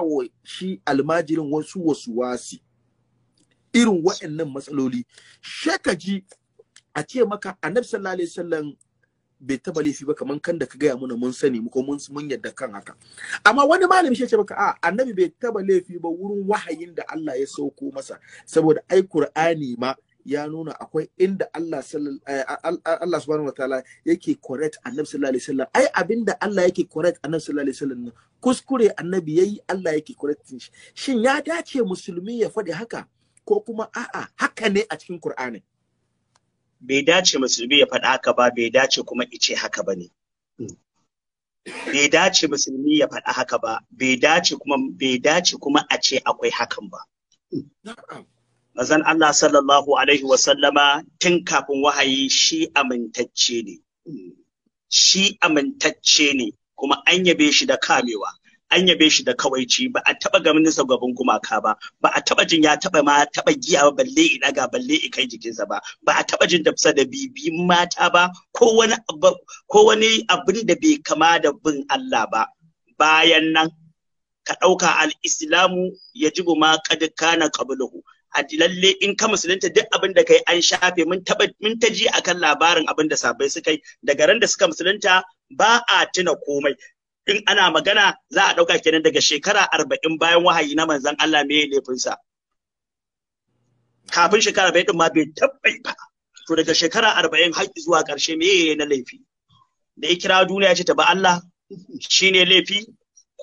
wa shi almajirin wasu wasu wasi irin wa'annan matsaloli shekaji a ce maka annabi sallallahu alaihi wasallam bai taba laifi ba kaman kan da ka gaya mana mun sani ko mun mun yadda kan haka amma wani malami shi ce maka a annabi bai taba laifi ba wurin wahayin da Allah ya sauko masa saboda ai Qur'ani ma ya nuna akwai inda Allah eh, Allah subhanahu wataala yake correct annabi sallallahu alaihi wasallam ai abinda Allah yake correct annabi sallallahu alaihi wasallam kuskure annabi yayi Allah yake correct shi shin ya dace musulmi ya faɗi haka ko kuma a'a haka ne a cikin Qur'ani bai dace musulmi ya faɗa haka ba bai dace kuma ice haka ba ne bai dace musulmi ya faɗa haka ba bai dace kuma bai dace kuma a ce akwai hakan ba na'am Mazan Allah sallallahu Alaihi wasallama tun kafin wahayi shi amintacce ne. Shi amintacce ne kuma an yabe shi da kamewa, an yabe shi da kawaici ba a taɓa gamin gaban gumaka ba, ba a taɓa jin ya taɓa ma taɓa giya ba balle i daga balle i kai jikinsa ba, ba a taɓa jin tafsa da bibi mata ba ko wani abin da bai kama da bin Allah ba. Bayan nan ka ɗauka al-islamu ya jibu ma kad kana qablahu a lalle in ka musulunta duk abin da kai an shafe mun taba mun taji akan labarin abin da sabai suka yi daga ran da suka musulunta ba a tuna komai in ana magana za a dauka kenan daga shekara arba'in bayan wahayi na manzon Allah me laifinsa kafin shekara bai din ma bai tabbai ba to daga shekara arba'in har zuwa ƙarshe me na laifi da ya kira duniya ya ce ta ba Allah shine laifi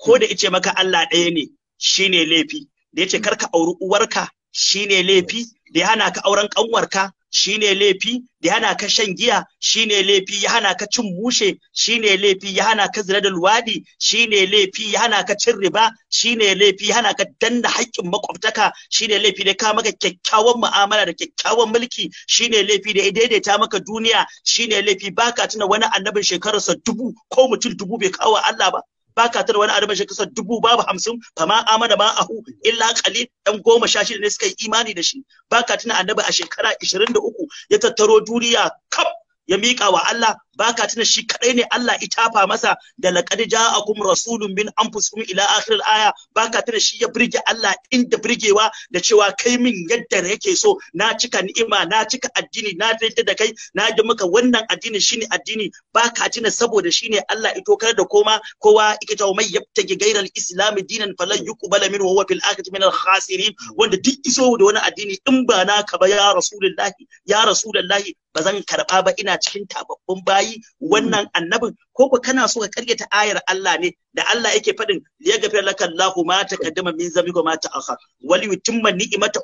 ko da ice maka Allah ɗaya ne shine laifi da ya ce karka auri uwarka shine laifi da ya hana ka auren kanwarka shine laifi da ya hana ka shan giya shine laifi ya hana ka cin mushe shine laifi ya hana ka zina da luwadi shine laifi ya hana ka cin riba shine laifi ya hana ka danna haƙƙin makwabtaka shine laifi da ka maka kyakkyawan mu'amala da kyakkyawan mulki shine laifi da ya daidaita maka duniya shine laifi baka tuna wani annabin shekararsa dubu ko mutum dubu bai kawo Allah ba baka tar wani adabin shi kasa dubu babu hamsin fama amana ma ahu illa qalil ɗan goma sha shida ne suka yi imani da shi baka tuna annabi a shekara uku ya tattaro duniya kaf ya miƙa wa Allah baka tuna shi kadai ne Allah itafa masa da laqad ja'akum rasulun min anfusikum ila akhir al-aya baka tuna shi ya birge Allah inda birgewa da cewa kai min yadda yake so na cika ni'ima na cika addini na daidai da kai na ji maka wannan addini shine addini baka tuna saboda shine Allah ito kar da koma kowa yake ta mai yabtaki gairal islam dinan falan yuqbala minhu huwa fil akhirati min al-khasirin wanda duk iso da wani addini in ba naka ba ya rasulullahi ya rasulullahi ba zan karɓa ba ina cikin tababbun bayi wannan annabin ko ku kana so ka karyata ayar Allah ne da Allah yake faɗin liyaghfir laka Allahu ma taqaddama min zambika ma ta'akhkhar wal yutimma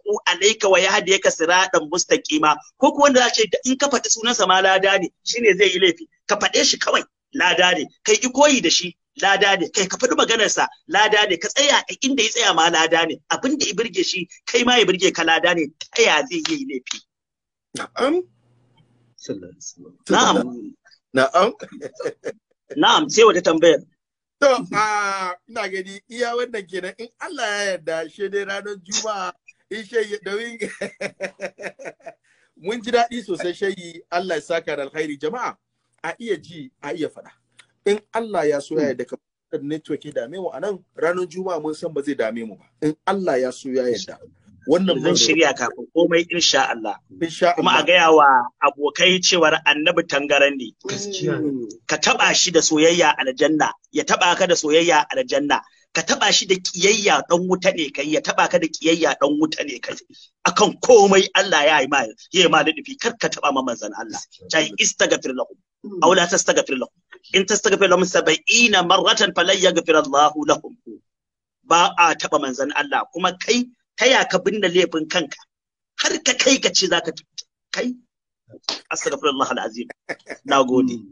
u alayka wa yahdiyaka siratan mustaqima ko ku wanda zace in ka faɗi sunansa ma lada ne shine zai yi laifi ka faɗe shi kawai lada ne kai ki koyi da shi lada ne kai ka faɗi maganarsa lada ne ka tsaya a inda ya tsaya ma lada ne abin da ya birge shi kai ma ya burge ka lada ne ta zai yi laifi Na'am. Na'am. Na'am sai wata tambayar. To, ina gani iya wannan kenan in Allah ya yarda shi dai ranar Juma'a in shayi domin mun ji daɗi sosai shayi Allah ya saka da alkhairi jama'a a iya ji a iya faɗa. In Allah ya so ya yarda ka network ya dame mu a nan ranar Juma'a mun san ba zai dame mu ba. In Allah ya so ya yarda. wannan zan shirya kafin komai insha Allah kuma a gaya wa abokai cewar annabi tangaran ne ka taba shi da soyayya aljanna ya taba ka da soyayya aljanna ka taba shi da kiyayya dan wuta ne kai ya taba ka da kiyayya dan wuta ne kai akan komai Allah ya yi ma ya ma ludufi kar ka taba ma manzon Allah jai istaghfir lahum aw la tastaghfir lahum in tastaghfir lahum 70 marratan falan yaghfir Allah lahum ba a taba manzon Allah kuma kai ta ya ka binne laifin kanka har ka kai ka ce za ka kai astagfirullah alazim nagode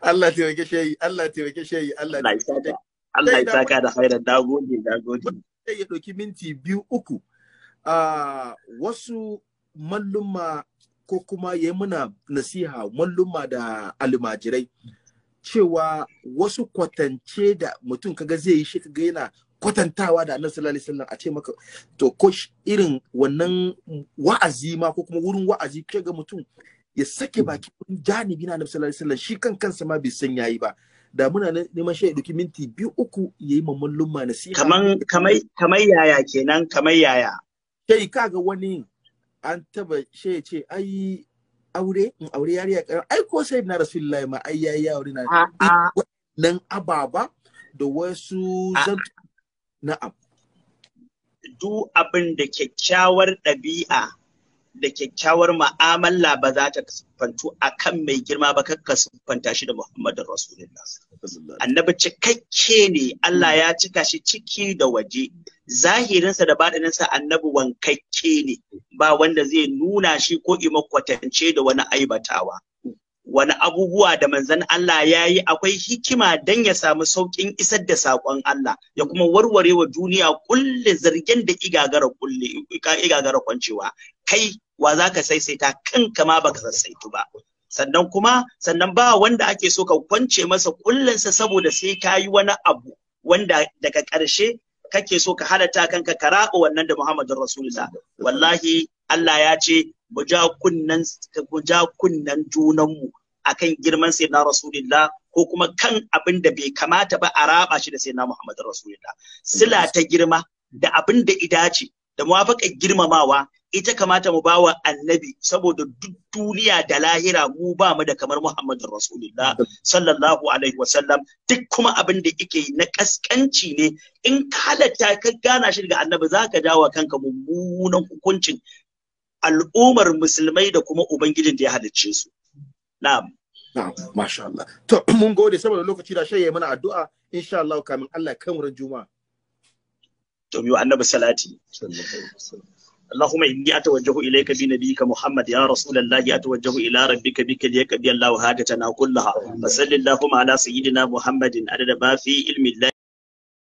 Allah Allah taimake shi Allah taimake shi Allah saka Allah ya saka da khairan nagode nagode sai ya ɗauki minti biyu uku a wasu malluma ko kuma ya muna nasiha malluma da almajirai cewa wasu kwatance da mutum kaga zai yi shi kaga yana kwatantawa da annabi sallallahu alaihi wasallam a ce maka to ko irin wannan wa'azi ma ko kuma wurin wa'azi ke ga mutum ya sake baki wurin janibi na annabi sallallahu alaihi wasallam shi kan kansa ma bai san yayi ba da muna neman shi ya dauki minti biyu uku yayi mamman lumma nasiha kaman kamai kamai yaya kenan kamai yaya sai kaga wani an taba shi ya ce ai aure in aure yariya karam ai ko sai na rasulullahi ma ai yayi aure na nan ababa da wasu zantu Na'am. Du abin da kyakkyawar ɗabi'a da kyakkyawar ma'amala ba za ta siffantu a kan mai girma ba kakka siffanta shi da Muhammadu Rasulullah. Annabi cikakke ne Allah ya cika shi ciki da waje. Zahirinsa da baɗininsa annabi wankakke ne ba wanda zai nuna shi ko imakwatance kwatance da wani aibatawa. wani abubuwa da manzan Allah ya yi akwai hikima don ya samu sauƙin isar da saƙon Allah ya kuma warware wa duniya kulle zargen da igagara kulle kwancewa kai wa za ka saisaita kanka ma baka sassaitu ba sannan kuma sannan ba wanda ake so ka kwance masa kullensa saboda sai ka yi wani abu wanda daga ƙarshe kake so ka halatta kanka ka raɓa wannan da Muhammadu Rasulullah wallahi Allah ya ce mu ja kunnen junanmu akan girman sayyidina rasulullah ko kuma kan abin da bai kamata ba a raba shi da sayyidina muhammadin rasulullah sila ta girma da abin da idace da muwafaka girmamawa ita kamata mu bawa annabi saboda duk duniya da lahira mu ba mu da kamar muhammad Rasulullah sallallahu alaihi wasallam duk kuma abin da yake na kaskanci ne in ka ka gana shi daga annabi zaka jawo kanka mummunan hukuncin al'ummar musulmai da kuma ubangijin da ya halicce su na'am na'am masha Allah to mun gode saboda lokaci da shaye mana addu'a insha Allah kamin Allah kan wurin juma'a to biyo annabi salati اللهم إني أتوجه إليك بنبيك da يا رسول ya أتوجه إلى ربك بك